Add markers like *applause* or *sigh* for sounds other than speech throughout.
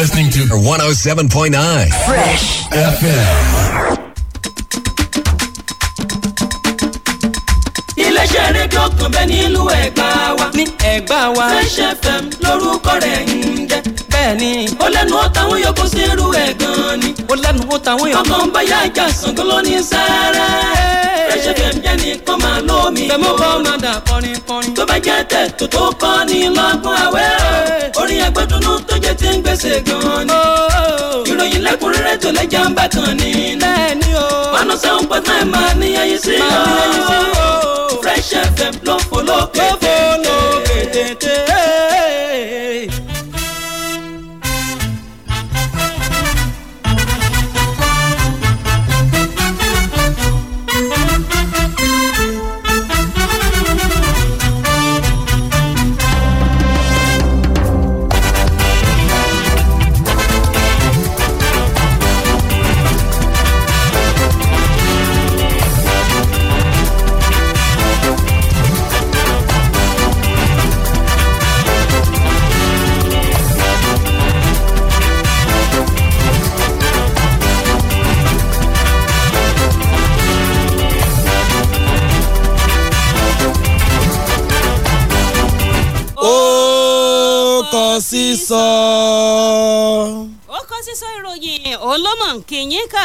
listening to 107.9 Fresh FM. rédíò kan bẹ́ẹ̀ ẹ̀gbá wa. Fresh FM lórúkọ rẹ̀ ń jẹ́. Bẹ́ẹ̀ni. Ó lẹ́nu ó tàwọn yòókù sí irú ẹ̀ gan ni. Ó lẹ́nu ó tàwọn yòókù. Ọkàn ń bá yá ìjà Ṣàngó lóní sáárá. Fresh FM jẹ́ nìkan máa lómi. Bẹ̀mú kọ́ máa dà kọrin kọrin. Tó bá jẹ́ tẹ̀ tó tó kọ́ ni lọ́gbọ́n àwẹ̀. Orin ẹgbẹ́dúnú tó jẹ́ ti ń gbèsè gan ni. Oh! Ìròyìn lẹ́kùnrẹ́rẹ́ tó lẹ́jà ń bàtàn ni. Bẹ́ẹ̀ni o. Manu seven point Fresh FM ló hey, hey, hey,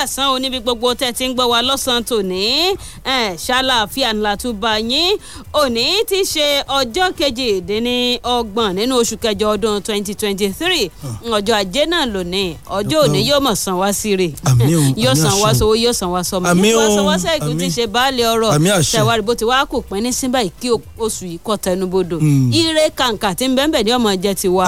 kásán o níbi gbogbo tẹ́ ti ń gbọ́ wa lọ́sàn-án tòní ṣàlàáfíà ńlá yín òní ti ṣe ọjọ́ kejìdínlọ́gbọ̀n nínú oṣù kẹjọ ọdún twenty twenty three ah. ọjọ́ ajé náà lónìí ọjọ́ òní yóò mọ̀ san wá sí rè yóò san wá sówó yóò san wá sọmọ yóò san wá sẹ́ẹ̀kì ti ṣe baálé ọ̀rọ̀ tẹ̀wárí bó ti wá kò pín ní sínbà kí oṣù yìí kọ́ tẹnubodò hmm. ire kàǹkà tí ń bẹ́ẹ̀ ní ọmọ jẹ ti wa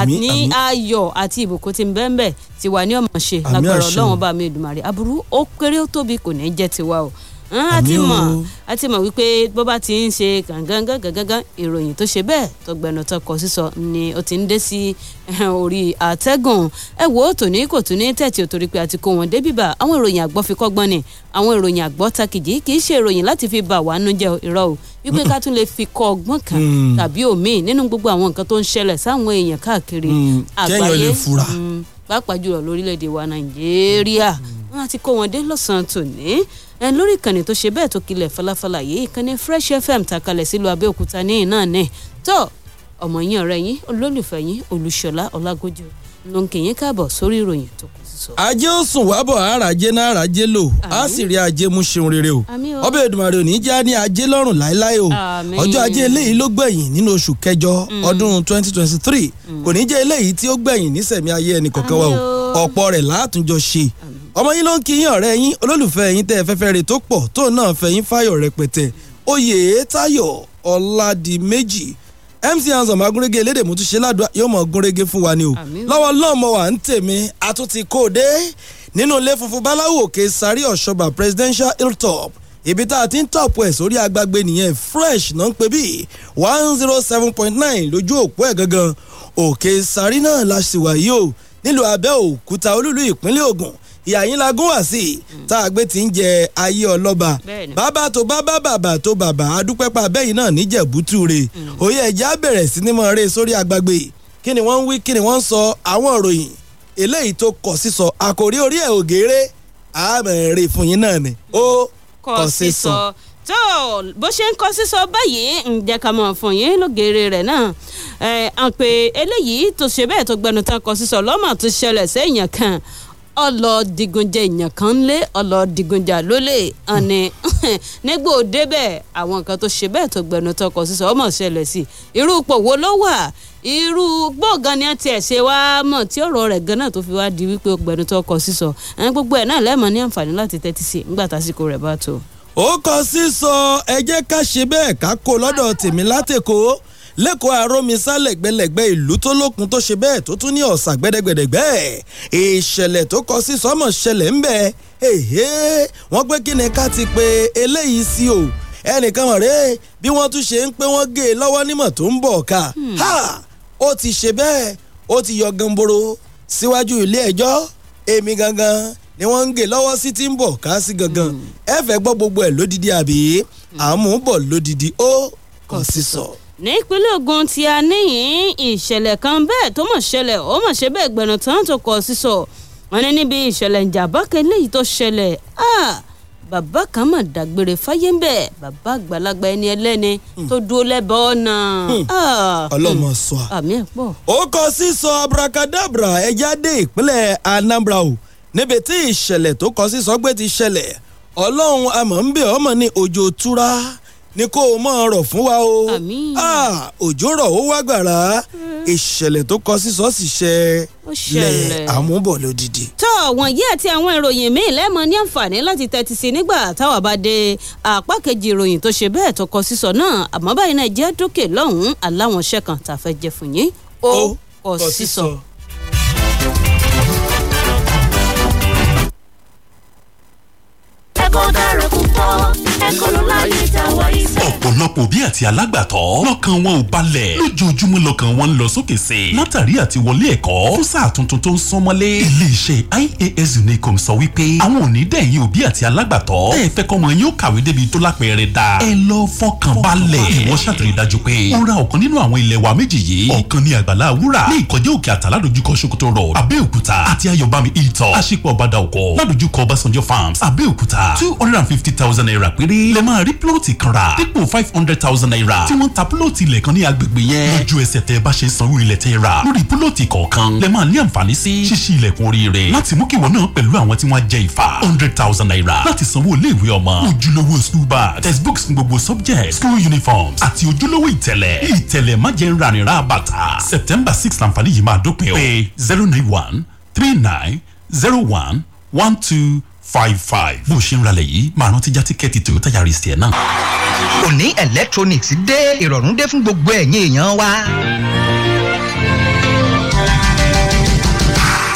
àní ayọ̀ àti ìbùkún tí ń bẹ́ẹ̀ tí wà ní ọmọ ṣe lágbára ọlọ́run bá mi dùn Èdùmàrè aburú ó kéré ó tóbi kò ní jẹ́ tiwa o a ti mọ̀ a ti mọ̀ wípé bó bá ti ń ṣe gàngangán gàngangán ìròyìn tó ṣe bẹ́ẹ̀ tọgbẹ̀nù tọkọ sísọ ni ó ti ń dé sí eh, orí àtẹ́gùn ẹ wo tòní kò tún ní tẹ̀tì ò torí pé a ti kó wọn débí bá àwọn ìròyìn àgbọ́ fi kọ́gbọ́n ni àwọn ìròyìn àgbọ́ takìjì kì í ṣe ìròyìn láti fi bà wá nú jẹ́ irọ́ o wípé ká tún lè fi kọ ọgbọ́n kan hmm. tàbí òmíì nínú gbogbo àwọn nǹkan tó ń ṣẹlẹ̀ sáwọn èèyàn káàkiri hmm. àgbáyé pàápàá jùlọ lórílẹ̀‐èdè wa nàìjíríà hmm. wọn ti kó wọn dé lọ́sàn-án tòní ẹ lórí ìkànnì tó ṣe bẹ́ẹ̀ tó kilẹ̀ falafala yìí ìkànnì fresh fm takalẹ̀ sílùú abẹ́òkúta ní ìnáà ní tó ọmọ yín ọ̀rẹ́ yín olólùfẹ́ yín olùṣọ́lá ọlágójú ló ń kí yín káàbọ̀ sórí ìròyìn tó kù sísọ. ajé ó sùn wá bọ̀ àràjé náà àràjé lò á sì rí ajé mú ṣeun rere o ọbẹ̀ Èdùmàrè ò ní já ní ajé lọ́rùn láéláé o ọjọ́ ajé eléyìí ló gbẹ̀yìn nínú oṣù kẹjọ mm. ọdún twenty twenty three mm. kò ní jẹ́ eléyìí tí ó gbẹ̀yìn nísẹ̀mí ayé ẹnì kọ̀ọ̀kan wa o ọ̀pọ̀ rẹ̀ látúnjọ ṣe ọmọ yín ló ń kí ọ̀rẹ́ yín olólùfẹ́ yín tẹ́ fẹ́fẹ́ rè tó pọ̀ tóun náà fẹ́ fáyọ̀ rẹpẹtẹ Oyètáyọ̀ Ọládìméjì mc hanson magúnrégé elédè mú tún ṣe ládùá yóò mọ̀ gúnrégé fún wa ni o lọ́wọ́ lọ́mọ wa ń tèmi àtúntì kóde nínú ilé funfun báláwo òkè sáré ọ̀ṣọ́bà presidential hilltop ibi tá a ti ń tọ̀pù ẹ̀ sórí agbágbé nìyẹn fresh náà ń pè bí one zero oh seven point nine lójú òpó ẹ̀ gangan òkè sáré náà la ṣì wà yìí o nílùú abẹ́òkúta olúlu ìpínlẹ̀ ògùn ìyàyín la gún wá sí i tá a gbé ti ń jẹ ayé ọlọ́ba bàbá tó bàbá bàbá tó bàbá adúpẹ́pà bẹ́yìn náà níjẹ̀bútú re òye mm. ẹ̀já bẹ̀rẹ̀ sí ni mọ̀ ọ́rẹ́ sórí agbágbé kí ni wọ́n ń wí kí ni wọ́n ń sọ àwọn ìròyìn eléyìí tó kọ̀ sísọ àkòrí orí ẹ̀ ògèrè àmẹ̀rẹ̀ fún yín náà ni ó kọ̀ sísọ tó bó ṣe ń kọ sísọ báyìí ǹjẹ́ ká mọ̀ fún yín lógeere rẹ̀ náà ẹ̀ àpè eléyìí tó ṣe bẹ́ẹ̀ tó gbẹnu tán kọ sísọ lọ́mọ̀ tó ṣẹlẹ̀ sẹ́yìn kan ọlọ digunjẹ èèyàn kan ń lé ọlọ digunjà lólè àní *laughs* nígbà ó débẹ̀ àwọn nǹkan tó ṣe bẹ́ẹ̀ tó gbẹnu tọkọ sísọ ọmọ ṣẹlẹ̀ sí irú ipò wo ló wà irú gbọ̀ngàn ni ẹ tiẹ̀ ṣe wá mọ̀ tí ọ̀rọ̀ rẹ̀ gan náà tó fi wá di wípé gbẹnu tọkọ sísọ ẹni gbogbo ẹ̀ náà lẹ́ẹ̀mọ́ ní àǹfààní láti tẹ́tí sí nígbà tásìkò rẹ̀ bá tó. ó kọ sísọ ẹ ká ṣe bẹ́ẹ̀ ká kó lọ́dọ̀ tèmi látẹ̀kọ́ lẹ́kọ̀ọ́ àròmísá lẹ́gbẹ̀lẹ́gbẹ̀ ìlú tó lókun tó ṣe bẹ́ẹ̀ tó tún ní ọ̀sà gbẹ́dẹ́gbẹ́dẹ́gbẹ́ ìṣẹ̀lẹ̀ tó kọ sí sọ́mọ̀ ṣẹlẹ̀ ń bẹ̀ èhé wọ́n pé kí ni ká ti pe eléyìí sí o ẹnìkan wọ̀n rẹ́ bí wọ́n tún ṣe ń pé wọ́n gé e lọ́wọ́ nímọ̀ tó ń bọ̀ ká hmm. ha ó ti ṣe bẹ́ẹ̀ ó ti yọ gamboro síwájú ilé ẹjọ́ èmi gangan ni wọ́n ń gé e lọ́wọ́ sí ti ń bọ̀ ká sí gangan hmm. ẹ fẹ́ gbọ́ gbogbo ẹ̀ lódìdí àbí hmm. àmú bọ̀ lódìdí ó kàn sí sọ. So nípínlẹ̀ Ògùn tí a níyìn ìṣẹ̀lẹ̀ kan bẹ́ẹ̀ tó mọ̀ ṣẹlẹ̀ ó mọ̀ ṣe bẹ́ẹ̀ gbẹ̀nà tán tó kọ̀ sísọ wọn ní níbi ìṣẹ̀lẹ̀ ìjàmbá kan eléyìí tó ṣẹlẹ̀ bàbá kan mà dágbére fáyé ń bẹ̀ bàbá àgbàlagbà ẹni ẹlẹ́ni tó dúró lẹ́bàá ọ̀nà. ọlọ́mọ sọ a. àmì ẹ̀ pọ̀. ó kọ sísọ abracadabra ẹja dé ìpínlẹ̀ Anambra o níbi tí ìṣẹ̀lẹ̀ tó kọ sísọ gbé ti ṣẹlẹ̀ ọlọ́run amọ̀ ń bẹ̀ ọmọ ní òjò túra ni kó o máa rọ̀ fún wa o ah, òjò rọ̀ ó wá gbàrà hmm. ìṣẹ̀lẹ̀ tó kọ sí sọ́ọ̀sì ṣẹ́ lẹ̀ àmúbọ̀ lódìdí. tọ́ wọ̀nyí àti àwọn ìròyìn míì lẹ́mọ ní àǹfààní láti tẹ́tí sí nígbà táwa bá dé apá kejì ìròyìn tó ṣe bẹ́ẹ̀ tó kọ sísọ náà àmọ́ báyìí náà jẹ́ dókè lọ́hùn-ún aláwọn iṣẹ́ kan tá jẹ fún yín ó kọ sísọ. ẹ̀kọ́ dára kú tó ẹkùnrin láyé ìtawọ iṣẹ́. ọ̀pọ̀lọpọ̀ òbí àti alágbàtọ́ lọ́kàn wọn ò balẹ̀ lójoojúmọ́ lọ́kàn wọn ń lọ sókè sí i látàrí àti wọlé ẹ̀kọ́ fún sáà tuntun tó ń sọmọlé. iléeṣẹ́ IAS Unicom sọ wípé àwọn ò dẹ̀yìn òbí àti alágbàtọ́ ẹ fẹ́ kọ́mọ yóò kàwé débi tó lápẹẹrẹ da ẹ lọ fọkàn balẹ̀. ìwọ́n ṣàtìrí dájú pé wọ́n ra ọ̀kan nínú àwọn ilẹ̀ wa méjì yìí ọ̀kan ní àgbàlá wúrà ní ìkọjẹ́ òkè àtà ládojúkọ Sokoto road Abẹ́òkúta àti ayọ̀bámi ìtọ̀ two hundred and fifty thousand naira péré lè máa rí plọ́ọ̀tì kan rà dípò five hundred thousand naira tí wọ́n ń ta plọ́ọ̀tì ilẹ̀ kan ní agbègbè yẹn lójú ẹsẹ̀ tẹ́ bá ṣe sanwó ilẹ̀ tẹ́ rà lórí plọ́ọ̀tì kọ̀ọ̀kan lè máa ní àǹfààní sí ṣíṣí ilẹ̀kùn oríire láti mú kíwọ náà pẹ̀lú àwọn tí wọ́n jẹ ìfà hundred thousand naira láti sanwó iléèwé ọmọ ojúlówó school bag textbooks gbogbo subject school uniforms àti ojúlówó ìtẹ̀lẹ̀ ìtẹ̀lẹ̀ májẹ̀ rànìrà bàtà september six làǹfààní yìí máa dópin o pé zero nine one three nine zero one one two five five. bó o ṣe ń ralẹ̀ yìí máa rántí já tíkẹ́ẹ̀tì Toyota Yaris tiẹ̀ náà. òní electronics dé ìrọ̀rùn dé fún gbogbo ẹ̀yin èèyàn wa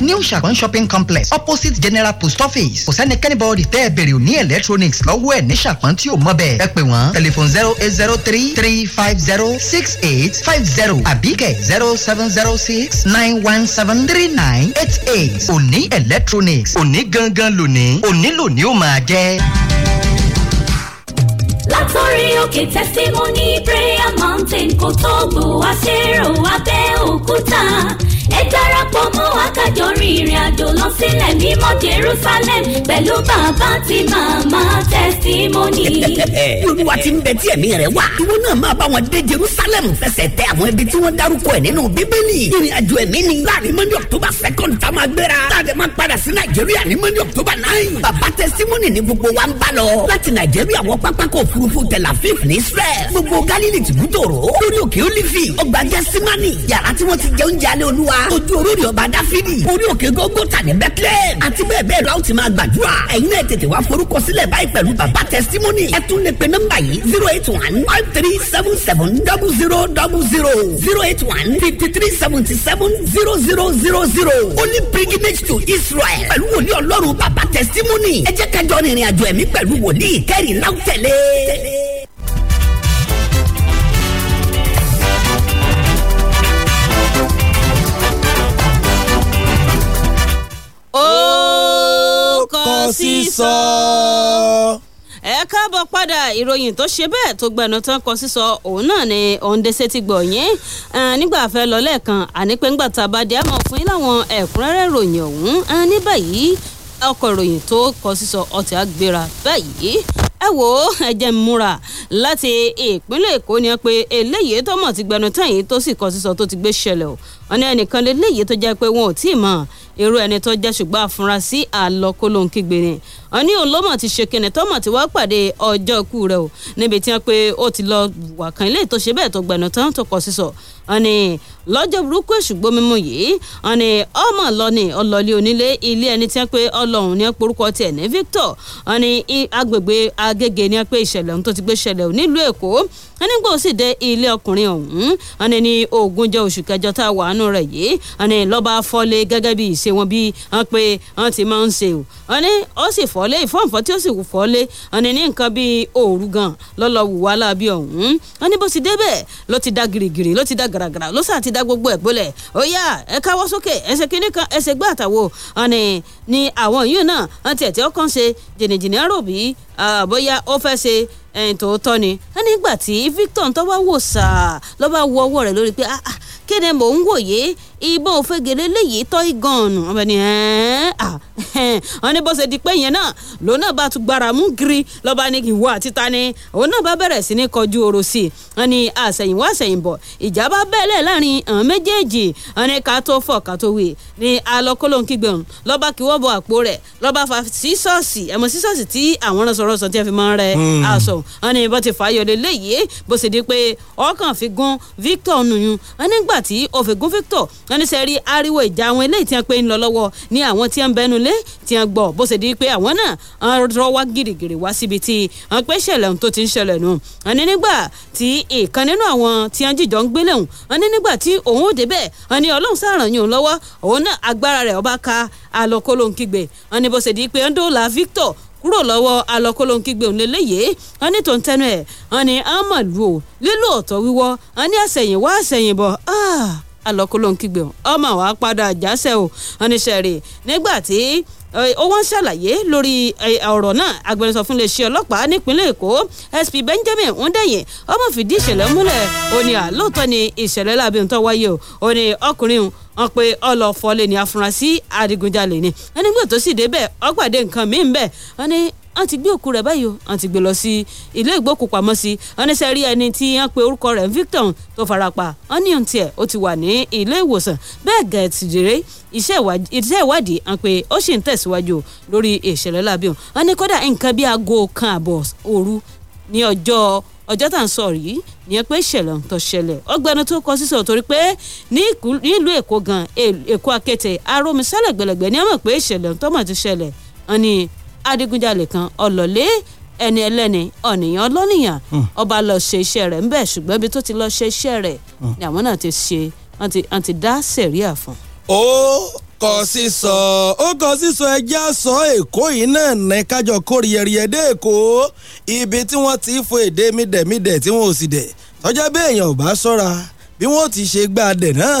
eight new Ṣàpọ̀n shopping complex opposite general post office kò sẹ́nikẹ́ni bọ́ọ̀dì tẹ́ ẹ bèrè òní electronics lọ́wọ́ ẹ̀ ní Ṣàpọ̀n tí ò mọ̀ bẹ́ẹ̀ ẹ pè wọ́n telephone zero eight zero three three five zero six eight five zero àbíkẹ́ zero seven zero six nine one seven three nine eight eight òní electronics òní gangan lónìí òní lónìí ó máa jẹ́ látọ̀rí òkè testimony prayer mountain kò tó gbò wá ṣèrò abẹ́òkúta ẹ darapọ̀ mọ́ wa ká jọ rin ìrìn àjò lọ sílẹ̀ mímọ́ Jerusalem pẹ̀lú bàbá àti màmá testimony. olúwa ti ń bẹ tí ẹ̀mí rẹ̀ wà ìwọ náà máa bá wọn dé Jerusalem fẹsẹ̀ tẹ àwọn ibi tí wọ́n dárúkọ ẹ̀ nínú bíbélì ìrìn àjò ẹ̀mí ni láàrin mọ́ndé October second tá a máa gbéra láàrin máa padà sí Nàìjíríà ní mọ́ndé October nine bàbá testimony ni gbogbo wa ń bá lọ láti Nàìjíríà wọ pápákọ̀ òfurufú Tel Aviv ní Israel gbogbo Galilee tìbútòrò lórí òkè Olivi ọgbà Gẹ́símánì yàrá tí wọ́n ti jẹ oúnjẹ wa ojú orúurì ọba dáfídì orí òkè gógótà ní bethlehem àti bẹ́ẹ̀ bẹ́ẹ̀ lọ́wọ́ ti máa gbàdúrà ẹ̀yin náà tètè wá forúkọ sílẹ̀ báyìí pẹ̀lú bàbá testimony ẹ tún lè pe nọ́mbà yìí zero eight one five three seven seven double zero double zero zero eight one fifty three seventy seven zero zero zero zero only pilgrimage to israel pẹ̀lú wòlíì ọlọ́run bàbá testimony ẹ jẹ́ kájọ rìnrìn àjò ẹ̀mí pẹ̀lú wòlíì kẹ́rì náà tẹ̀lé. sísọ. ẹ káàbọ̀ padà ìròyìn tó ṣe bẹ́ẹ̀ tó gbẹnu tán kọ sísọ òun náà ni òǹdẹ̀sẹ̀ ti gbọ̀ yín nígbà fẹ́ lọ lẹ́ẹ̀kan àní pé ńgbà tá a bá dé àmọ́ fún yín láwọn ẹ̀kúnrẹ́rẹ́ ìròyìn ọ̀hún ní báyìí ọkọ̀ ìròyìn tó kọ sísọ ọtí àgbéra báyìí ẹ wò ó ẹjẹ múra láti ìpínlẹ̀ èkó ni pé eléyìí tó mọ̀ ti gbẹnu tán yìí tó sì kọ sísọ tó ti gbé ṣẹlẹ̀ o wọn ní ẹnìkan lé léyìí tó jẹ́ pé wọn ò tí ì mọ̀ irú ẹni tó jẹ́ ṣùgbọ́n àfúrásì àlọ́kólóhùn kígbe ni wọn ní òun ló mọ̀ ti ṣe kinní tó mọ̀ ti wá pàdé ọjọ́ ikú rẹ̀ o níbi tí wọ́n pe ó ti lọ wà kan ilé tó ṣe bẹ́ẹ̀ tó gbẹ̀nù tán tó kọ sísọ wọn ní lọ́jọ́ burúkú èṣù gbómímù yìí wọn ọmọ lọ́ni ọlọ́lé onílé ilé ẹni tí wọ́n pe ọlọ́run ní porúkọ tiẹ̀ ní Victor wọn ní agbègbè Agége ní wọ́n pe ìṣẹ̀lẹ̀ ohun tó ti gbé ṣẹlẹ̀ nílùú Èkó wọn nígbà ó sì dé ilé ọkùnrin ọ̀hún wọn ní ogúnjọ́ oṣù kẹjọ tá a wà nù rẹ̀ yìí wọn lọ́ba fọ́lé gẹ́gẹ́ bí ìṣe wọn bí wọ́n ti máa ń ṣe o ó sì f fọ́lé ìfọ́nfọ́ tí ó sì wù fọ́lé ọ̀nì ní nǹkan bíi òòrù gan lọ́lọ́ wù wá láàbí ọ̀hún wọ́n ní bó ti débẹ̀ ló ti da girigiri ló ti da garagara ló sà ti da gbogbo ẹ̀ gbólẹ̀ ó ẹ káwọ́ sókè ẹsẹ̀ kínní kan ẹsẹ̀ gbá àtàwọ̀ ọ̀nì ni àwọn yìí náà wọ́n ti ẹ̀tẹ́ ọkàn ṣe jìnnìjìnnì àròbí bóyá ó fẹ́ ṣe ẹ̀yìn tòótọ́ ni wọ́n nígbà tí Victor tó wá wò sàá lọ́ bá wọ ọwọ́ rẹ̀ lórí pé ah ah kéde mò ń wòye ìbọn òfegèlè léyìí tọ́ ìgànnù ọbẹ̀ ni wọ́n ní bó ṣe di pé yẹn náà lòun náà bá tún gbára mú giri lọ́ba ní ìwọ àti ta ni òun náà bá bẹ̀rẹ̀ sí ní kọjú oró sí i wọ́n ní àṣẹ̀yìnwá àṣẹ̀yìnbọ̀ ìjà bá bẹ́ẹ̀lẹ̀ láàrin àwọn méjèèjì wọ́n ní ká tó fọ̀ ká tó wì ní alọ́kọ́lóhùn kígbe ọ̀hún lọ́ba kí wọ́n bọ àpò rẹ̀ lọ́ba fa sísọ́ọ̀sì ẹ̀mọ sísọ́ọ̀sì tí àwọn ránṣọránṣọ a fi máa ń rẹ hmm. aṣọ wọ́n ní bó ti fà á yọ léyìí bó ṣe di pé ọkàn fi Victor nùyún wọ́n nígbà tí ó fi gún Victor wọ́n ní sẹ́rí ariwo ìjà àwọn eléyìí tí wọ́n pe ń lọ lọ́wọ́ ní àwọn tí wọ́n bẹnu lé tí wọ́n gbọ́ bó ṣe di pé àwọn náà ń rọwá gìrìgìrì wá síbi tí wọ́n pé ṣẹlẹ̀ tó ti ń ṣẹlẹ̀ nù. wọ́n ní nígbà tí ìkan nínú àwọn tí wọ́n jìjọ ń gbélé hùn wọ́n ní nígbà tí òun ò débẹ̀ wọ́n ní ọlọ́run sáàràn yìí lọ́wọ́ òun náà agbára rẹ̀ ọba ka alọ́kọ́lóńkígbe di pé ń dóòlà Victor kúrò lọ́wọ́ alọ́kọ́lóńkígbe òun lélẹ́yìí wọ́n ní tòun tẹnu ẹ̀ wọ́n ní amadu lílo ọ̀tọ̀ wíwọ́ wọ́n ní àṣẹ̀yìnwá Ah alọ́kọ́lọ́nkígbe ọmọ wa padà jásẹ̀ o oníṣẹ́ rẹ̀ nígbà tí ó wọ́n ṣàlàyé lórí ọ̀rọ̀ náà agbẹnusọ fún iléeṣẹ́ ọlọ́pàá nípínlẹ̀ èkó sp benjamin hundeyin ọmọ fìdí ìṣẹ̀lẹ̀ múlẹ̀ ó ní àlóòótọ́ ni ìṣẹ̀lẹ̀ láabi ń tọ́ wáyé o ó ní ọkùnrin wọn pe ọlọ́fọ́lé ni afurasí adigunjalè ni wọn nígbà tó sì débẹ̀ ọgbàdé nǹkan míì ń bẹ̀ wọ́n ti gbé òkú rẹ̀ báyìí o wọ́n ti gbé lọ sí ilé ìgbókùpamọ́sí wọ́n ní sẹ́rí ẹni tí wọ́n pe orúkọ rẹ̀ Victor tó farapa wọ́n ní ohun tiẹ̀ ó ti wà ní ilé ìwòsàn bẹ́ẹ̀ gẹ̀ẹ́tìdìrẹ́ iṣẹ́ ìwádìí hàn pé ó sì ń tẹ̀síwájú lórí ìṣẹ̀lẹ̀ lábẹ́ òun wọ́n ní kódà nǹkan bíi aago kan àbọ̀ òru ní ọjọ́ ọjọ́ tá à ń sọ yìí nìyẹn pé ìṣẹ̀lẹ̀ ń tọ́ ṣẹlẹ̀ tó kọ sísọ torí pé nílùú èkó gan èkó akéte arómi sálẹ̀ gbẹlẹ̀gbẹ̀ ní àmọ̀ pé ìṣẹ̀lẹ̀ ń tọ́ ti ṣẹlẹ̀ wọn ni adigunjalè kan ọlọ́lé ẹni ẹlẹ́ni ọ̀nìyàn ọlọ́nìyàn hmm. ọba lọ ṣe iṣẹ́ rẹ̀ ńbẹ̀ ṣùgbọ́n ibi tó ti lọ ṣe iṣẹ́ rẹ̀ hmm. ni àwọn náà ti ṣe wọ́n ti dá sẹ̀ríà fún. ó kọ sísọ ó kọ sísọ ẹjẹ́ àsọ èkó yìí náà ní kájọ kó rìẹ̀rìẹ̀ dé èkó ibi tí wọ́n ti fo èdè mídẹ̀mídẹ̀ tí wọ́n ò sì dẹ̀ tọ́jà bí èèyàn ò bá sọ́ra bí wọ́n ti ṣe gbá adẹ̀ náà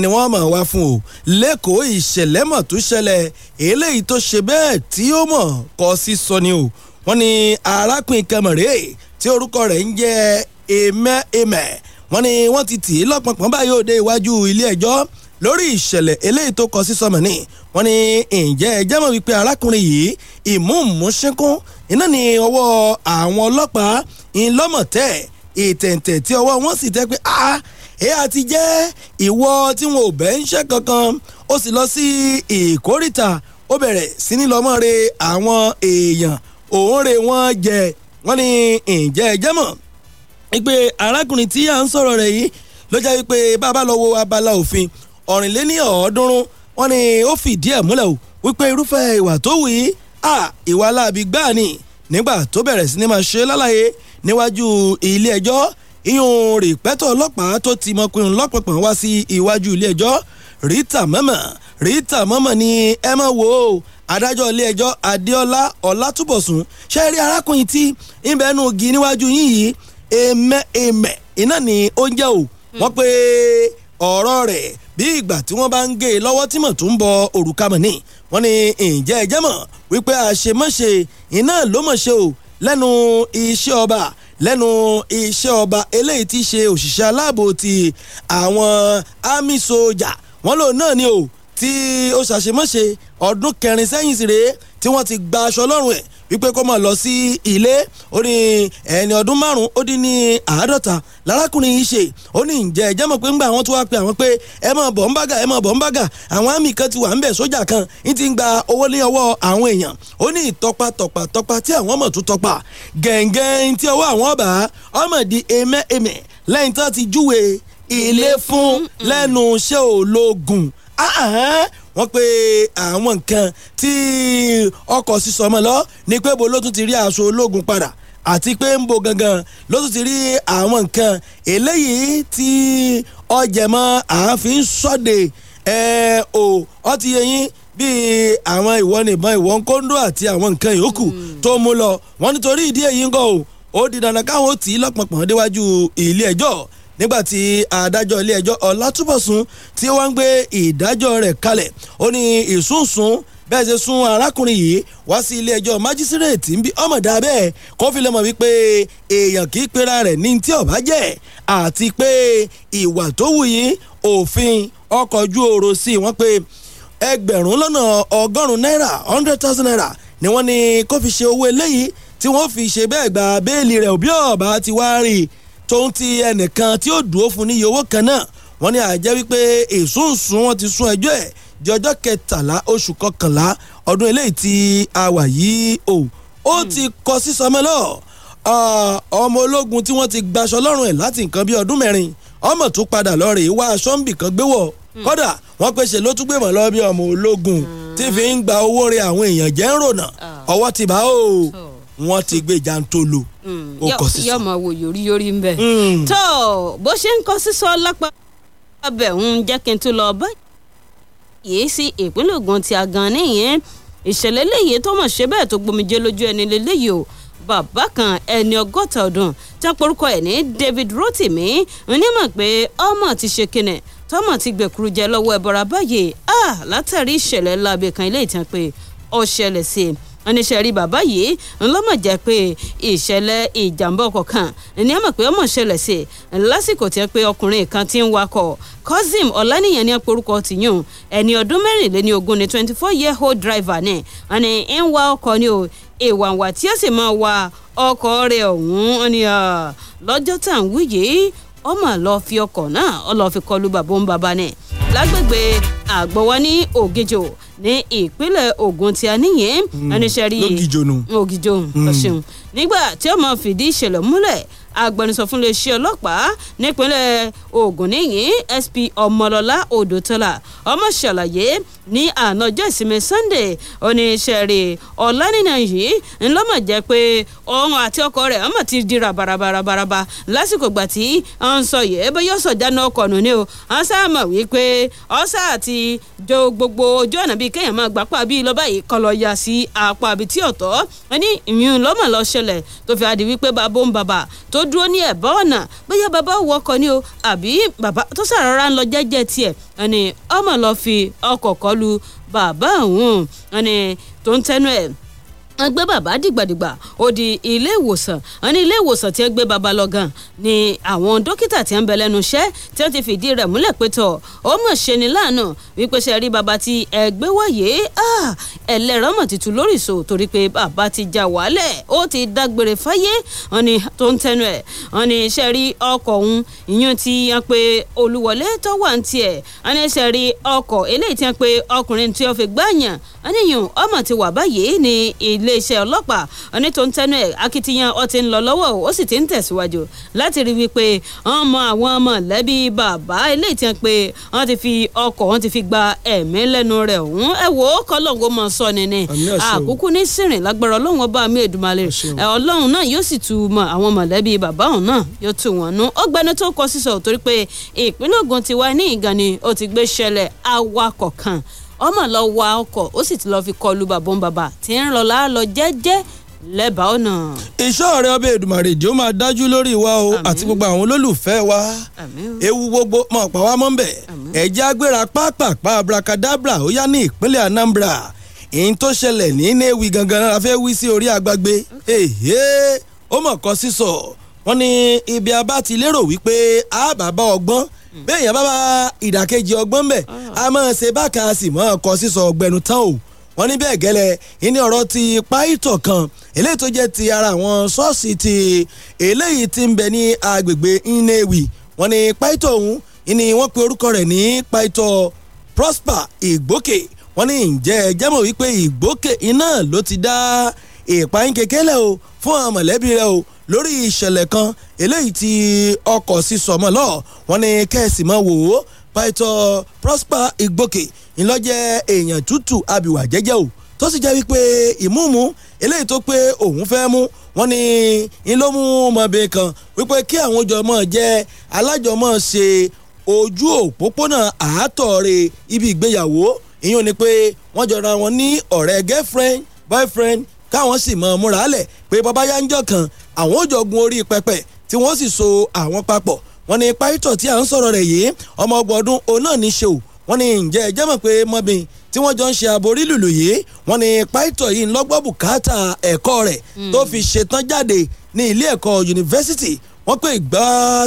ni wọ́n mọ̀ wá fún o lẹ́kọ̀ọ́ ìṣẹ̀lẹ̀ mọ̀ tó ṣẹlẹ̀ eléyìí tó ṣe bẹ́ẹ̀ tí ó mọ̀ kọ́ sí sọ ni o wọ́n ní arákùnrin kẹmọ̀rẹ́ tí orúkọ rẹ̀ ń jẹ́ emẹ́ emẹ́ wọ́n ní wọ́n ti tì í lọ́pọ̀pọ̀ báyìí òde iwájú ilé ẹjọ́ lórí ìṣẹ̀lẹ̀ eléyìí tó kọ sí sọmọ̀nì wọ́n ní ǹjẹ́ ẹjẹ́ mọ̀ wípé arákùnrin yìí ìmúùmúṣínkún iná ni ọwọ́ àwọn ọlọ́pàá ńlọ́mọ̀tẹ́ ìtẹ̀ǹtẹ̀ tí ọwọ́ wọn sì tẹ́ pé a ẹ àti jẹ́ ìwọ tí wọn ò bẹ́ ń ṣe kankan ó sì lọ sí ìkórìtà ó bẹ̀rẹ̀ sí ní lọ́mọ́ re àwọn èèyàn òun re wọ́n jẹ wọ́n ní ǹjẹ́ ẹ mọ̀ pé arákùnrin tí à ń sọ̀rọ̀ rẹ̀ yìí ló jẹ́ wípé bàbá lọ wo abala òfin ọ̀rìnléní ọ̀ọ́dúnrún wọ́n ní ó fìdí ẹ̀ múlẹ̀ o wípé irúfẹ́ ìwà tó wù yìí à ìwà láabi gbáà ni nígbà tó bẹ̀rẹ̀ sí ní máa ṣe lálàyé níwájú ilé ẹjọ́ ìhun rìpẹ́tọ̀ ọlọ́pàá tó ti mọkùnrin lọ́pọ̀pọ̀ wá sí iwájú ilé ẹjọ́ rita mọ́mọ́ rita mọ́mọ́ ni ẹ mọ̀ wò ó adájọ́ ilé ẹjọ́ adéọlá ọlátúbọ̀sùn ṣe rí arákùnrin tí ìbẹ́nu gi níwájú yín yìí èmẹ́ èmẹ́ iná ni ó ń jẹ́ o hmm. wọ́n pé ọ̀rọ̀ rẹ̀ bí ìgbà tí wọ́n bá ń gé e lọ́wọ́ tí mọ̀ tó ń bọ òrùka mọ̀ ní wọ́n ní ǹjẹ́ ẹ̀jẹ̀ mọ̀ wípé àṣemọ́ṣe iná ló mọ̀ ṣe o lẹ́nu iṣẹ́ ọba lẹ́nu iṣẹ́ ọba eléyìí ti ṣe òṣìṣẹ́ aláàbò ti àwọn army soldier wọ́n lòun náà ni o tí ó ṣàṣemáṣe ọdún kẹrin sẹ́yìn sí rèé tí wọ́n ti gba aṣọ ọlọ́run ẹ̀ wípé kó máa lọ sí ilé ó ní ẹni ọdún márùn ó dín ní àádọ́ta lárákùnrin yìí ṣe ó ní ǹjẹ́ ẹ̀jẹ̀ mọ̀ pé ńgbà àwọn tó wá pe àwọn pé ẹ máa bọ̀ ń bàgà ẹ máa bọ̀ ń bàgà àwọn àmì kan ti wà ń bẹ̀ sójà kan ń ti ń gba owó ní ọwọ́ àwọn èèyàn ó ní ìtọ́pa tọ́pa tọ́pa tí àwọn ọmọ tún tọ́pa gẹ̀ǹgẹ̀ǹ tí ọwọ́ àwọn ọba ọmọ di emẹ́ emẹ́ lẹ́yìn tó ti júwe ilé fún lẹ́nu iṣẹ́ ológun wọ́n pe àwọn nǹkan tí ọkọ̀ sísọ mọ́ lọ ni pé bo ló tún ti rí aṣọ ológun padà àti pé ń bo gangan ló tún ti rí àwọn nǹkan eléyìí tí ọjẹ̀mọ́ àáfin sọ́dẹ̀ ẹ̀ o ọtí yẹn bíi àwọn ìwọ́n nìbọn ìwọ́n kóńdó àti àwọn nǹkan yòókù tó mú lọ wọ́n nítorí ìdí èyí ń gọ̀ o ó di dandan káwọn ó tì í lọ́pọ̀pọ̀ déwájú ilé ẹjọ́ nígbàtí adájọ́ ilé ẹjọ́ ọlátúbọ̀sún tí wọ́n ń gbé ìdájọ́ rẹ̀ kalẹ̀ ó ní ìsúnsún bẹ́ẹ̀ ṣe sún arákùnrin yìí wá sí ilé ẹjọ́ májísírèètì ń bí ọmọ dá bẹ́ẹ̀ kó fi lè mọ̀ wípé èèyàn kì í pera rẹ̀ ní tí ọ̀bá jẹ́ àti pé ìwà tó wù yín òfin ọkọ̀ ojú oro sí wọ́n pé ẹgbẹ̀rún lọ́nà ọgọ́rùn-ún náírà hundred thousand naira ni wọ́n ní kó fi ṣe owó eléyìí tí wọ́n fi ṣe bẹ́ẹ̀ gba béèlì rẹ̀ òbí ọ̀bá ti wá rìn tóun ti ẹnìkan tí ó dúró fún níye owó kan náà wọ́n ní àjẹ́ wípé ìsúnsún wọn ti sún ẹjọ́ ẹ̀ di ọjọ́ kẹtàlá oṣù kọkànlá ọdún eléyìí tí a wà yìí o ó hmm. ti kọ sísọ mẹ́lọ́ ọmọ ológun tí wọ́n ti gbaṣọ lọ́rùn ẹ̀ láti nǹkan bíi ọdún mẹ́rin ọmọ tó padà lọ rèé wá aṣọ ń bì kan gbé wọ̀ hmm. kódà wọ́n pèsè ló tún gbèmọ̀ lọ bí ọmọ ológun hmm. tí fi ń gba owó rẹ̀ àwọn èèyàn jẹ́ ń rònà ah. ọwọ́ ti bá o. Oh wọ́n ti gbé jantolo ó mm. kọ sísọ. yọ ọmọ wo yorí yorí ń bẹ. Mm. tó bó ṣe ń kọ sísọ lápá ọbẹ̀ ń jẹ́ kí n tún lọ bá yìí sí ìpínlẹ̀ Ògùn ti àgàn nìyẹn ìṣẹ̀lẹ̀ léyìí tó mọ̀ ṣe bẹ́ẹ̀ tó gbomijé lójú ẹni lélẹ́yìí o bàbá kan ẹni ọgọ́ta ọdún tí wọ́n porúkọ ẹ̀ ní David Rotimi onímọ̀ pé ọmọ ti ṣe kinẹ̀ tọmọ ti gbẹ̀kuru jẹ lọ́wọ́ ẹ̀bọ̀ra báyìí ah, látàrí ìṣẹ̀lẹ̀ lábẹ́ kan ilé ìtàn pé ó sí i wọn ní sẹ́ẹ̀rí bàbá yìí ńlọ́mọ̀ jẹ́ pé ìṣẹ̀lẹ̀ ìjàmbá ọkọ̀ kan ní àmọ̀ pé ọmọ ṣẹlẹ̀ sí lásìkò tí ẹ pé ọkùnrin kan ti ń wakọ̀ Kazeem Ọláníyàn ní porúkọ tìyún ẹni ọdún mẹ́rìnléní ogún ní twenty four year old driver ní wọn ní ń wa ọkọ̀ ni o ìwàǹwà tí ó sì máa wa ọkọ̀ rẹ̀ ọ̀hún ni lọ́jọ́ tá à ń wí yìí ọmọ lọ́ọ́ fi ọkọ̀ náà ọ fi kọlu bàbá ń bàbá náà lágbègbè àgbọ̀wọ́ ní ògejò ní ìpínlẹ̀ ogun tí a níyìn hmm. ẹniṣẹ́rí ògìjònù ògìjònù ọ̀ṣun hmm. nígbà tí ó mọ fìdí ìṣẹ̀lẹ̀ múlẹ̀ agbẹnusọ fún iléeṣẹ́ ọlọ́pàá nípínlẹ̀ ogun níyìn sp ọmọlọ́lá odòtọ́lá ọmọ ṣàlàyé ní àná ọjọ́ ìsinmi sunday oníṣẹ́rí ọ̀lànìyàn yìí ńlọ́mọ̀ jẹ́ pé ọ̀hún àti ọkọ rẹ̀ ọmọ ti dira barabarabaraba lásìkò gbà tí a ń sọ yìí bóyá ọ̀sọ̀ dáná ọkọ̀ nù o wọ́n sáà mọ̀ wípé ọ̀sà àti jo gbogbo ojú ọ̀nà bíi kéèyàn máa gbapá bíi lọ́ba yìí kọ́ lọ ya sí apá àbí tí ọ̀tọ̀ ní ìyún lọ́mọ̀ lọ ṣẹlẹ̀ tó fi adi wípé bàbá tó dúró ní ẹ̀bá ọ̀nà bàbá ọkọ̀ ni o àbí bàbá tó ń lọ jẹ́jẹ́ lọ fi ọkọ̀ kọlu bàbá òun wọn tó ń tẹnu ẹ̀ wọ́n gbé bàbá dìgbàdìgbà ó di ilé ìwòsàn wọ́n ní ilé ìwòsàn tí wọ́n gbé bàbá lọ gan ni àwọn dókítà tí wọ́n bẹ lẹ́nu iṣẹ́ tí wọ́n ti fìdí rẹ̀ múlẹ̀ pé tọ̀ ó mọ̀ ṣe ni láàánú wípé ṣe rí bàbá tí ẹ gbé wọ̀nyé ẹlẹ́rọ̀ mọ̀ tìtù lórí ìṣò torí pé bàbá ti já wàhálẹ̀ ó ti dágbére fáyé wọ́n ní tó ń tẹnu ẹ̀ wọ́n ní ṣe rí ọkọ̀ òun ìyún ti yan pé olúwọlé tó wà ń tiẹ̀ wọ́n iléeṣẹ́ ọlọ́pàá ọní tó ń tẹnu ẹ̀ akitiyan ó ti ń lọ lọ́wọ́ ó sì ti ń tẹ̀síwájú láti rí wípé wọ́n mọ àwọn mọ̀lẹ́bí bàbá eléyìí tí wọ́n wọ́n ti fi ọkọ̀ wọ́n ti fi gba ẹ̀mí lẹ́nu rẹ̀ ọ̀hún ẹ̀ wò ó kọ́ lọ́ngọ́ mọ̀ sọ nìní àkúkú ní sìnrìn lágbára ọlọ́run ọba mi èdùmarè ọlọ́run náà yóò sì tu mọ àwọn mọ̀lẹ́bí bàbá ọ̀hún náà yóò tu wọn nú ó gbẹnu tó kọ sísọ torí pé ìpínlẹ̀ Ògùn ti wá ní ìgànnì ó ti gbé ṣẹlẹ̀ awakọ̀ kan ọmọ lọ wa ọkọ̀ ó sì ti lọ́ọ́ fi kọlu bàbọ́n bàbà tí ń lọ láàlọ́ jẹ́jẹ́ lẹ́bàá ọ̀nà. iṣẹ́ ọ̀rẹ́ ọbẹ̀ èdùmàrè jẹ́ ó máa dájú lórí wa o àti gbogbo àwọn olólùfẹ́ wa ewu gbogbo mọ̀ pa wá mọ́ ń bẹ̀ ẹ̀jẹ̀ agbéra pápápá abracadabra ó yá ní ìpínlẹ̀ Anambra èyí tó ṣẹlẹ̀ ní Nnewi gangan la fẹ́ wí sí orí agbágbé ó mọ̀ kọ́ sísọ wọ́n ní ibi abá ti lérò wípé àbá bá ọgbọ́n hmm. bẹ́ẹ̀ yẹn bá bá ìdàkejì ọgbọ́n bẹ̀ ah. a máa ṣe bákan a sì máa kọ sísọ ọgbẹ́nu tán o wọ́n ní bẹ́ẹ̀ gẹ́lẹ́ ìní ọ̀rọ̀ ti páìtọ̀ kan eléyìí tó jẹ́ ti ara àwọn ṣọ́ọ̀ṣì ti eléyìí ti ń bẹ ní agbègbè Nnewi wọ́n ní páìtọ̀ ọ̀hún ìní wọ́n pe orúkọ rẹ̀ ní páìtọ̀ Prosper Ìgbókè wọ́n ní ǹjẹ́ jẹ́mọ̀ wípé Ìgbókè iná ló ti dá ìpáyín kékeré o fún àwọn mọ̀lẹ́bí rẹ o lórí ìṣẹ̀lẹ̀ kan eléyìí tí ọkọ̀ sísọ mọ́ lọ́ọ̀ wọ́n ní kẹ́ẹ̀sì mọ́ wò ó pàìtọ́ prosper igbókè ńlọ́jẹ́ èèyàn tútù abìwà jẹ́jẹ́ o tó sì jẹ́ wípé ìmúmu eléyìí tó pé òun fẹ́ mú wọ́n ní ń ló mú mọ̀bẹ kan wípé kí àwọn ojọmọ jẹ́ alájọmọ ṣe ojú òpópónà àátọ̀ọ̀rẹ́ ibi ìgbéyàwó ìyún ni pé wọ́n jọra wọn ní ọ̀rẹ́ girlfriend boyfriend káwọn sì mọ̀ múra lẹ̀ pé bàbá yánjọ́ kan àwọn ò jọ gun orí pẹpẹ tí wọ́n sì so àwọn papọ̀ wọ́n ní pásítọ̀ tí à ń sọ̀rọ̀ rẹ̀ yìí ọmọ ọgbọ̀n ọdún òun náà ní ṣe ò wọ́n ní ǹjẹ́ ẹjẹ́ mọ̀ pé mọ́bìn tí wọ́n jọ ń ṣe aborí lùlù yìí wọ́n ní pásítọ̀ yìí ń lọ́gbọ́ bùkátà ẹ̀kọ́ rẹ̀ tó hmm. fi ṣetán jáde ní ilé ẹ̀kọ́ yunifásitì wọ́n pé ìgbà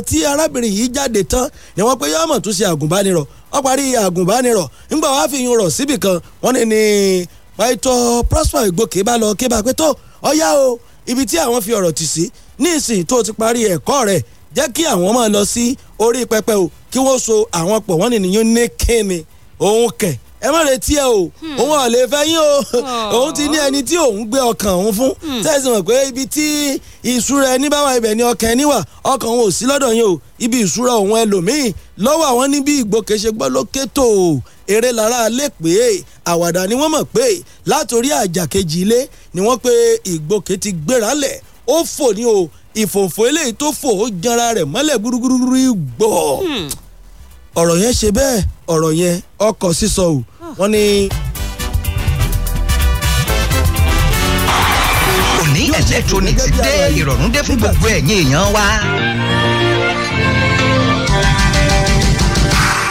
tí arábìnrin yìí jáde tán ni wọ́n pé yọ́mọ̀ tún ṣe àgùnbánirọ̀ wọ́n parí ńgbà wàá fi yun rọ̀ síbì kan wọ́n ní pàìtọ́ Prosper Igboke bá lọ ké bá pé tó ọ̀yá o ibi tí àwọn fi ọ̀rọ̀ tì sí ní ìsìn tó ti parí ẹ̀kọ́ rẹ̀ jẹ́ kí àwọn máa lọ sí orí pẹpẹ o kí wọ́n so àwọn pọ̀ wọ́n nìyẹn ní kíni òun kẹ̀ ẹ má retí ẹ o hmm. òun ò fẹ́ yín o òun ti ní ẹni tí òun gbé ọkàn òun fún hmm. tẹ́sí mọ̀ pé ibi tí ìṣúra ẹni bá wà ibẹ̀ ni ọkàn ẹni wà ọkàn òun ò sí lọ́dọ̀ yín o ibi ìṣúra òun ẹlòmíì lọ́wọ́ àwọn níbi Ìgbòkè ṣe gbọ́ lókè tó o eré lára lè pé àwàdà ni wọ́n mọ̀ pé látòrí àjà kejì ilé ni wọ́n pe ìgbòkè ti gbéra lẹ̀ ó fò ní o ìfòǹfò eléyìí tó fò ó janra rẹ̀ mọ́lẹ̀ gúrúgúrú gbọ́ hmm. ọ̀rọ̀ yẹn ṣe bẹ́ẹ̀ ọ̀rọ̀ yẹn ọkọ̀ sísọ o ah. wọ́n ní. òní electronics dé ìrọ̀rùn dé fún gbogbo ẹ̀yin èèyàn wa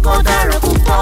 ẹ̀kọ́ dára púpọ̀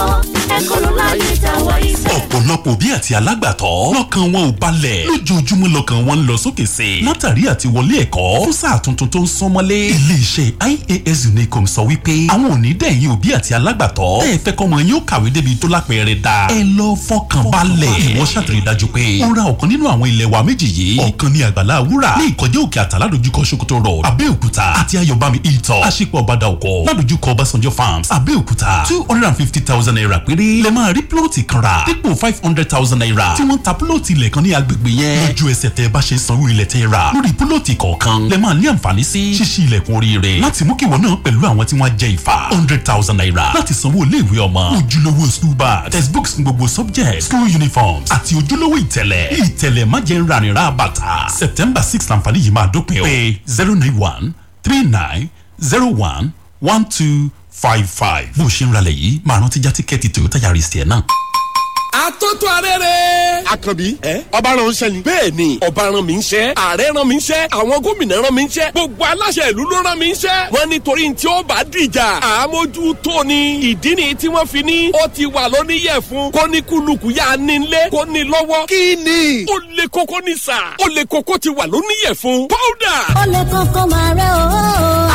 ẹ̀kọ́ ló láyé ìtawọ̀ ìfẹ́. ọ̀pọ̀lọpọ̀ òbí àti alágbàtọ́ lọ́kàn wọn ò balẹ̀ lójoojúmọ́ lọ́kàn wọn ń lọ sókè sí i látàrí àti wọlé ẹ̀kọ́ fún sáà tuntun tó ń sún mọ́lé. iléeṣẹ́ IAS Unicom sọ wípé àwọn òní dẹ̀yìn òbí àti alágbàtọ́ ẹ fẹ́ kọ́mọ yín ó kàwé débi tó lápẹẹrẹ da ẹ lọ fọkàn balẹ̀ ìwọ ṣàtìrí dájú pé ó ra ọ̀kan nínú àwọn ilẹ̀ wa méjì yìí ọ̀kan ní àgbàlá wúrà ní ìkọjẹ́ òkè àtàlá dojúkọ Sokoto road Abẹ́òkúta àti ayọ̀bámi ìtọ̀ àṣepọ̀ ọ̀bàdà òkọ̀ ládojúkọ Ọbásanjọ́ farms Abẹ́òkúta two hundred and fifty thousand naira péré lè máa rí pílọ̀tì kan rà dípò five hundred thousand naira tí wọ́n ń ta pílọ̀tì ilẹ̀ kan ní agbègbè yẹn lójú ẹsẹ̀ tẹ́ bá ṣe ń sanwó ilẹ̀ tẹ́ rà lórí pílọ̀tì kọ̀ọ̀kan lè máa ní àǹfààní sí ṣíṣí ilẹ̀kùn oríire láti mú kíwọ náà pẹ̀lú àwọn tí wọ́n jẹ ìfà hundred thousand naira láti sanwó iléèwé ọmọ ojúlówó school bag textbooks gbogbo subject school uniforms àti ojúlówó ìtẹ̀lẹ̀ ìtẹ̀lẹ̀ má jẹ́ ńranira bàtà september six làǹfààní yìí máa dópin o zero nine one three nine zero one one two five five. bó o ṣe ń ralẹ̀ yìí máa rántí já tíkẹ́ẹ̀tì Toyota Yaris tiẹ̀ náà atótó arére. akanbi ọba rán ṣẹ́ ni. bẹ́ẹ̀ni ọba rán mi ń ṣẹ́ ààrẹ rán mi ń ṣẹ́ àwọn gómìnà rán mi ń ṣẹ́ gbogbo aláṣẹ ìlú ló rán mi ń ṣẹ́. wọ́n nítorí tí ó bá dìjà àmójú tó ni ìdí ni tí wọ́n fi ní ó ti wà lóníyẹ̀ fún kóníkùlùkù yá ni lé kó ní lọ́wọ́. kí ni. ó lè kókó ní sà ó lè kókó ti wà lóníyẹ̀ fún powder. ó lè kókó máa rẹ o.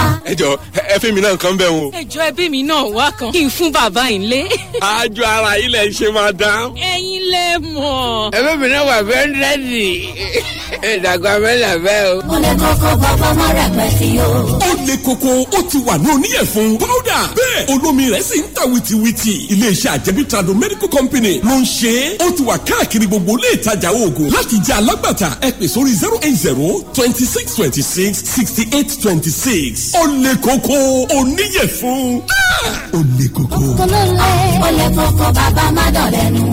Ah, ẹ jọ ẹ fẹ́ mi náà kan bẹ́ẹ̀ o. ẹ jọ ẹbí mi náà wá kan kí n fún bàbá yìí lé. àjọ ara ilẹ̀ ṣe máa dán ẹ̀yin lè mọ̀. ẹlòmíràn wà fẹ́ńdẹ́ẹ̀dì ìdàgbà mẹ́lá bẹ́ẹ̀ o. mo lè kọ́kọ́ bàbá má rà pẹ́ sí o. ó le koko ó ti wà ní oníyẹ̀fun pọ́dà bẹ́ẹ̀ olómi rẹ̀ sì ń ta wìtìwìtì iléeṣẹ́ àjẹbí tradu medical company ló ń ṣe é ó ti wà káàkiri gbogbo ilé ìtajà oògùn láti jẹ́ alágbàtà ẹ pè sórí zero eight zero twenty six twenty six sixty eight twenty six ó le koko oníyẹ̀fun ah! ó le koko. ó le koko bàbá má dọ̀lẹ́nu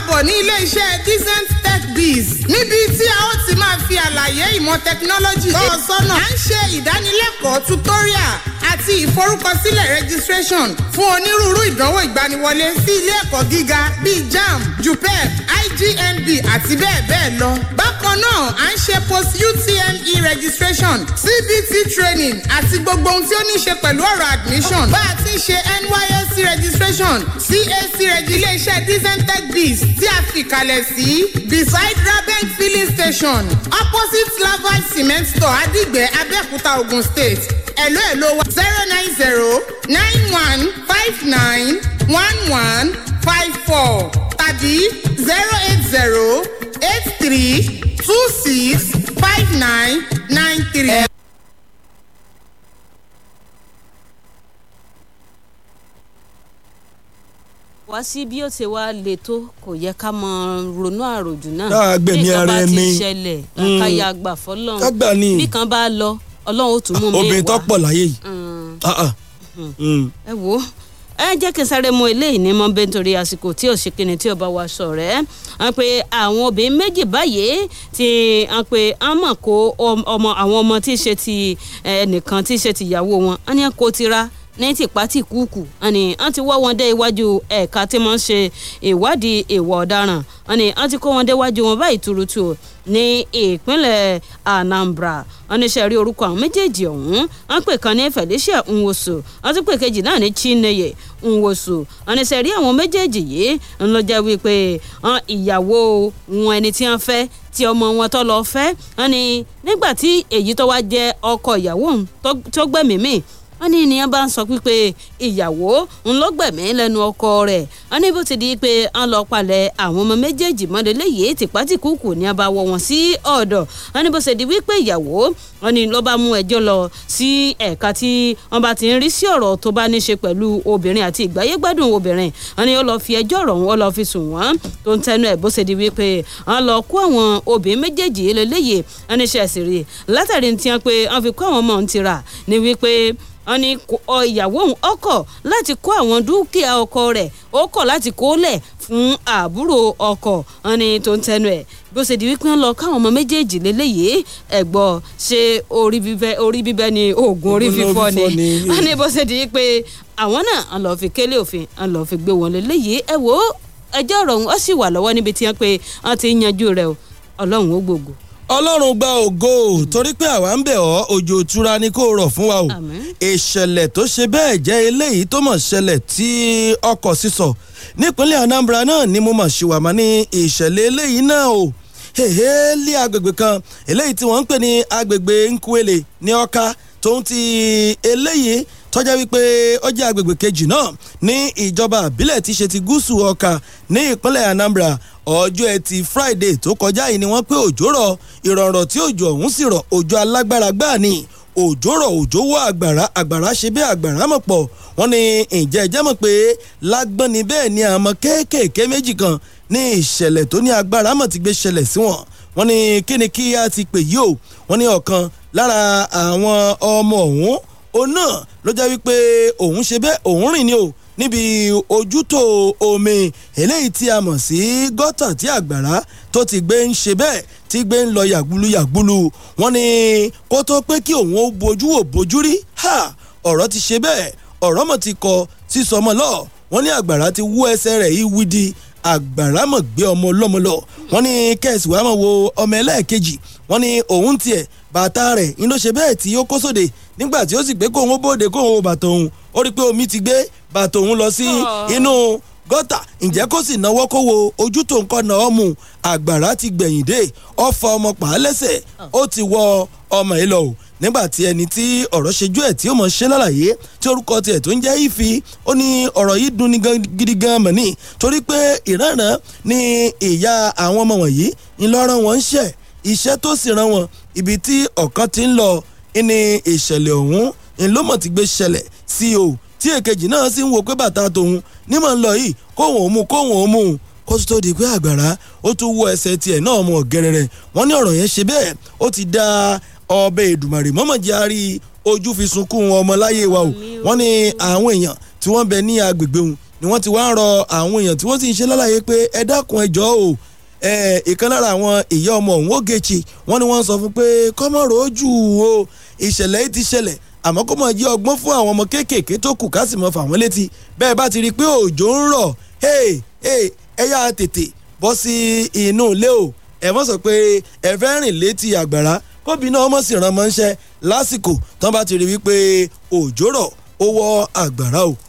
káàbọ̀ ní ilé iṣẹ́ decent tech biz níbi tí a ó ti máa fi àlàyé ìmọ̀ tẹkinọ́lọ́jì tó sọ́nà a ń ṣe ìdánilẹ́kọ̀ọ́ tutorial àti ìforúkọsílẹ̀ registration fún onírúurú ìdánwò ìgbaniwọlé sí ilé ẹ̀kọ́ gíga bíi jamb jupep IGMB àti bẹ́ẹ̀ bẹ́ẹ̀ lọ. bákan náà à ń ṣe post UTME registration CBT training àti gbogbo ohun tí ó ní ṣe pẹ̀lú ọ̀rọ̀ admission bá a ti ṣe NYSC registration CAC regi ilé iṣẹ́ decent tech biz tí a fìkàlẹ̀ sí beside raben filling station opposite laval cement store adigbe abẹ́òkúta ogun state ẹ̀lọ́ ẹ̀lọ́ wa zero nine zero nine one five nine one one five four tàbí zero eight zero eight three two six five nine nine three. wá sí bí ó ti wá le tó kò yẹ ká mọ ronú àròjù náà bí nǹkan bá ti ṣẹlẹ̀ hmm. ká ya gbà fọlọ́run bí kan bá lọ ọlọ́run ó tún mú mi wá obìnrin tó pọ̀ láyé yìí hmm. Ah, ah. Hmm. ẹ wo ẹ jẹ́ kí n sáré mu eléyìí ní mọ́bẹ́ nítorí àsìkò tí òṣèkìnì tí ọba wa sọ rẹ̀ wọ́n pe àwọn obìnrin méjì báyìí tí wọ́n pe àmọ̀ kó ọmọ àwọn ọmọ tí í ṣe ti ẹnìkan tí í ṣe ti ìyàwó wọn wọ́n ní kó tira ní tìpátì kúùkù ẹni wọ́n ti wọ́ wọn dé iwájú ẹ̀ka tí wọ́n ń ṣe ìwádìí ìwà ọ̀daràn ẹni wọ́n ti kó wọn dé iwájú wọn báyìí tuurutu ní ìpínlẹ̀ Anambra oníṣẹ́ rí orúkọ àwọn méjèèjì ọ̀hún wọ́n pè kan ní Felicia Nwosu wọ́n tún pè kejì náà ní Chineye Nwosu oníṣẹ́ rí àwọn méjèèjì yìí ńlọ jẹ́ wípé ìyàwó wọn ẹni tí wọ́n fẹ́ tí ọmọ wọn tó lọ fẹ́ wọ́n ní nígbà tí èyí tó wá jẹ́ ọkọ ìyàwó tó gbẹ̀mí mì wọ́n ní ènìyàn bá ń sọ pípé ìyàwó ń lọ gbẹ̀mí lẹ́nu ọkọ rẹ̀ wọ́n ní bó ti di pé wọ́n lọ palẹ̀ àwọn ọmọ méjèèjì mọ́lẹ̀ léyìí tìpátìkúkù ní abawọ wọn sí ọ̀dọ̀ wọ́n ní bó ṣe di wípé ìyàwó wọ́n ní ló bá mú ẹjọ́ lọ sí ẹ̀ka tí wọ́n bá ti ń rí sí ọ̀rọ̀ tó bá ní ṣe pẹ̀lú obìnrin àti ìgbáyégbádùn obìnrin wọ́n ní ó lọ fi ẹjọ́ ọ̀rọ̀ wọn lọ fi sùn wọ́n tó ń tẹnu ẹ̀ bó ṣe di wípé wọ́n lọ kó àwọn obìnrin méjèèjì lélẹ́yìí wọ́n ní ṣe àṣírí látàrí ti hàn pé wọ́n fi kó àwọn ọmọ ń tira ní wípé wọn ní ìyàwó òun ọkọ láti kó àwọn dúkìá ọkọ rẹ̀ ó kọ̀ láti kólẹ̀ fún àbúrò ọkọ wọn ní tó ń tẹnu ẹ̀ bó ṣe di wípé ń lọ káwọn ọmọ méjèèjì lélẹyìí ẹgbọ ṣe orí bíbẹ́ orí bíbẹ́ ni oògùn orí fífọ́ ni wọn ní bó ṣe di wípé àwọn náà ń lọ fi kélé òfin ń lọ fi gbé wọn lélẹyìí ẹ wò ẹjọ́ ọ̀rọ̀ ọ̀hún ó sì wà lọ́wọ́ níbi tí wọ́n pe wọ́n ti ń yanjú rẹ̀ ọlọ́run ó gbogbo ọlọ́run gba ògo torí pé àwa ń bẹ̀ ọ́ òjò ìtura ni kò rọ̀ fún wa o ìṣẹ̀lẹ̀ tó ṣe bẹ́ẹ̀ jẹ́ eléyìí tó mọ̀ ṣẹlẹ̀ tí ọkọ̀ sísọ nípínlẹ̀ Anambra náà ni mo mọ̀ ṣìwàmọ́ ní ìṣẹ̀lẹ̀ eléyìí náà o èhélé agbègbè kan eléyìí tí wọ́n ń pè ní agbègbè Nkwele ní Ọ̀ka tó ń ti eléyìí tọ́já wípé ó jẹ́ agbègbè kejì náà ní ìjọba àbílẹ̀ tí ṣe ti gúúsù ọkà ní ìpínlẹ̀ Anambra ọjọ́ ẹtì Friday tó kọjá yìí ni wọ́n pé òjò rọ̀ ìrọ̀rọ̀ tí òjò ọ̀hún sì rọ̀ òjò alágbára gbáà ni òjò rọ̀ òjò wọ́ àgbàrá àgbàrá ṣe bí àgbàrá mọ̀ pọ̀ wọ́n ní ǹjẹ́ ẹjẹ́ mọ̀ pé lágbọ́n ni bẹ́ẹ̀ ni àmọ́ kéékèèké méjì kan ní ìṣẹ̀lẹ̀ tó ní agbára mọ̀ ti gbé ṣẹlẹ̀ sí wọn wọ́n ní kí ni kí a ti pè yìí o wọ́n ní ọ̀kan lára àwọn ọmọ ọ̀hún òun náà ló jẹ́ wípé òun ṣe bẹ́ẹ̀ òun rìn ni o níbi ojútò omi eléyìí tí a mọ̀ sí gọ́tà tí àgbàrá tó ti gbé ń ṣe bẹ́ẹ̀ tí gbé ń lọ yàgbúlú yàgbúlú wọ́n ní kó tó pé kí òun ó bojú wò bojú rí ha ọ̀rọ̀ ti ṣe bẹ́ẹ̀ ọ̀rọ̀ mọ̀ ti kọ sísọmọlọ́ọ̀ wọ́n ní àgbàrá ti wú ẹsẹ̀ rẹ̀ yìí wídi àgbàràmọ̀ gbé ọmọ ọlọ́mọ lọ wọ́n ní kẹ́sì wàá mọ̀ wo ọmọ ẹlẹ́ẹ̀kejì wọ́n ní òun tiẹ̀ bàtà rẹ̀ ń ló ṣe bẹ́ẹ̀ tí ó kó sóde nígbà tí ó sì gbé kóun ó bóde kóun ó bàtà òun ó rí i pé omi ti gbé bàtà òun lọ sí inú gọ́tà ǹjẹ́ kó sì náwó kó wo ojú tó ń kọ́ náà mú àgbàrá ti gbẹ̀yìn dé ọ̀fọ̀ ọmọ pàálẹ́sẹ̀ ó ti wọ ọmọ yìí lọ o nígbà tí ẹni tí ọ̀rọ̀ ṣejú ẹ̀ tí ó mọ̀ ṣe lálàyé tí orúkọ tiẹ̀ tó ń jẹ́ Ifi ó ní ọ̀rọ̀ yìí dùn gidi gan mọ̀nì torí pé ìrànà ni ìyá àwọn ọmọ wọ̀nyí ńlọrọ̀ wọn ń ṣẹ̀ iṣẹ́ tó sì rán wọn ibi tí ọ̀kan ti ń lọ ní ìṣẹ̀lẹ̀ ọ̀hún ńlọ́mọ̀ ti gbé ṣẹlẹ̀ sí o tí èkejì náà sì ń wo pé bàtà tòun nímọ̀ ń lọ yìí kóhùn òmu kóhùn òmu kó tó di pé àgbàrá ó tún wọ ẹsẹ̀ tiẹ̀ náà mọ̀ gẹ́rẹ́rẹ́ wọ́n ní ọ̀rọ̀ yẹn ṣe bẹ́ẹ̀ ó ti da ọbẹ̀ èdùmàrè mọ́mọ́jì á rí ojú fi sunkún ọmọ láyé wa o wọ́n ní àwọn èèyàn tí wọ́n bẹ ní agbègbè òun ni wọ́n ti wá ń rọ àwọn èèyàn tí wọ́n sì ń ṣe lálàyé pé ẹ dákun ẹ jọ̀ọ́ o ìkan lára àwọn ìyá ọmọ òun Ogechi wọ́n ní wọ́n sọ fún pé kọ́mọ̀rọ̀ ojú o ìṣẹ̀lẹ̀ yìí ti ṣẹlẹ̀ àmọ́ kó mọ̀ jẹ́ ọgbọ́n fún àwọn ọmọ kéékèèké tó kù ká sì mọ̀ fà wọ́n létí bẹ́ẹ̀ bá ti rí i pé òjò ń rọ̀ ẹ yá tètè bọ́ sí inú ilé o ẹ mọ̀ sọ pé ẹ fẹ́ rìn létí àgbàrá kóbi náà mọ̀ sí ìrànmọ́ṣẹ́ lásìkò tán bá ti rí wípé òjò rọ̀ ó wọ àgbàrá o